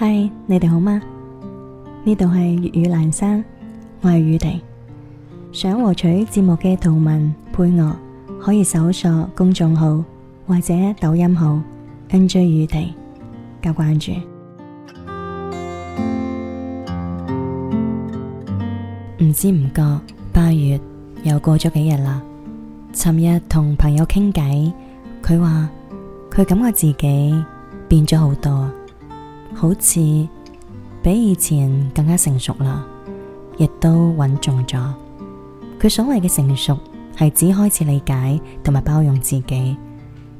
嗨，Hi，你哋好嗎？呢度係粵語欄山，我係宇婷，想獲取節目嘅圖文配樂，可以搜索公眾號或者抖音號 NJ 宇婷」。加關注。唔知唔覺，八月又過咗幾日啦。尋日同朋友傾偈，佢話佢感覺自己變咗好多。好似比以前更加成熟啦，亦都穩重咗。佢所謂嘅成熟，係指開始理解同埋包容自己，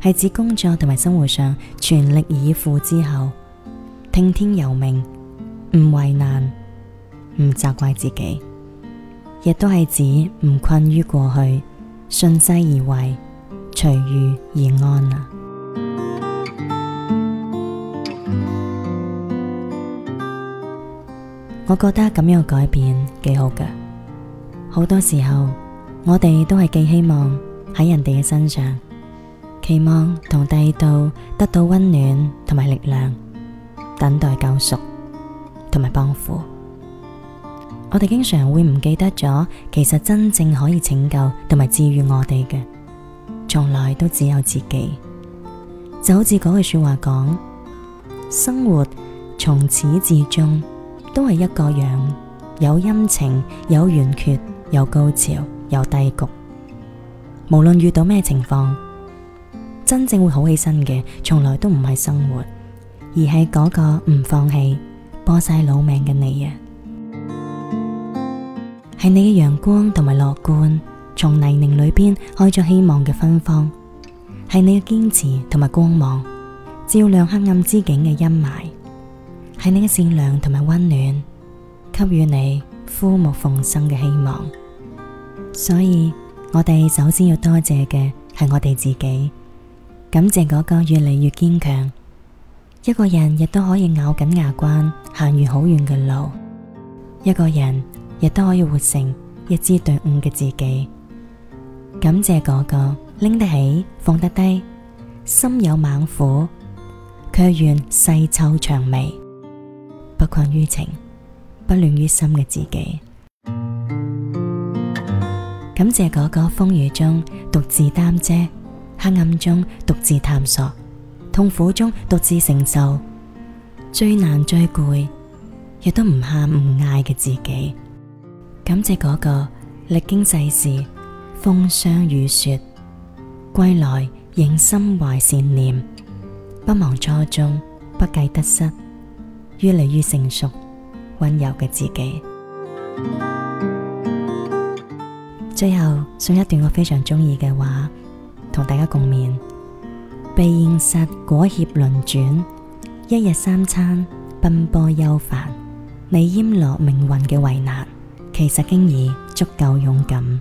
係指工作同埋生活上全力以赴之後，聽天由命，唔為難，唔責怪自己，亦都係指唔困於過去，順勢而為，隨遇而安啊！我覺得咁樣的改變幾好㗎，好多時候我哋都係寄希望喺人哋嘅身上，期望同第二度得到溫暖同埋力量，等待救贖同埋幫扶。我哋經常會唔記得咗，其實真正可以拯救同埋治愈我哋嘅，從來都只有自己。就好似嗰句話說話講：生活從始至終，都係一個樣，有陰晴，有圓缺，有高潮，有低谷。無論遇到咩情況，真正會好起身嘅，從來都唔係生活，而係嗰個唔放棄、搏晒老命嘅你啊！係你嘅陽光同埋樂觀，從泥濘裏邊開咗希望嘅芬芳；係你嘅堅持同埋光芒，照亮黑暗之境嘅陰霾。係你嘅善良同埋温暖，給予你枯木逢生嘅希望。所以我哋首先要多謝嘅係我哋自己，感謝嗰個越嚟越堅強。一個人亦都可以咬緊牙關行完好遠嘅路，一個人亦都可以活成一支隊伍嘅自己。感謝嗰個拎得起放得低，心有猛虎，卻願細嗅薔薇。不困於情，不亂於心嘅自己。感謝嗰個風雨中獨自擔遮、黑暗中獨自探索、痛苦中獨自承受、最難最攰亦都唔喊唔嗌嘅自己。感謝嗰個歷經世事、風霜雨雪歸來仍心懷善念，不忘初衷，不計得失。越嚟越成熟、溫柔嘅自己。最後送一段我非常中意嘅話，同大家共勉：被現實裹挾輪轉，一日三餐奔波憂煩，你淹落命運嘅為難，其實經已足夠勇敢。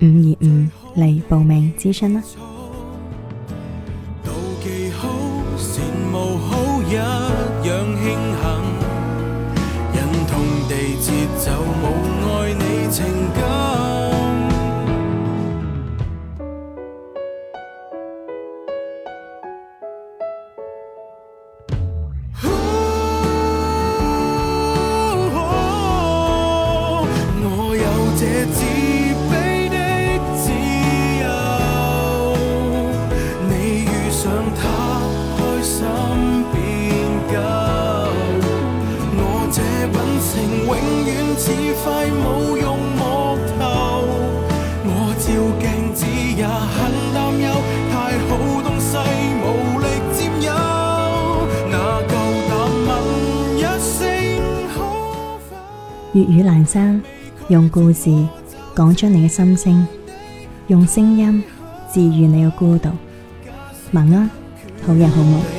五二五嚟報名諮詢啦！ 似快冇用木頭，我照鏡子也很擔憂。太好東西無力佔有，那夠膽問一聲可否？粵語闌珊，用故事講出你嘅心聲，用聲音治癒你嘅孤獨。晚安，好日好夜。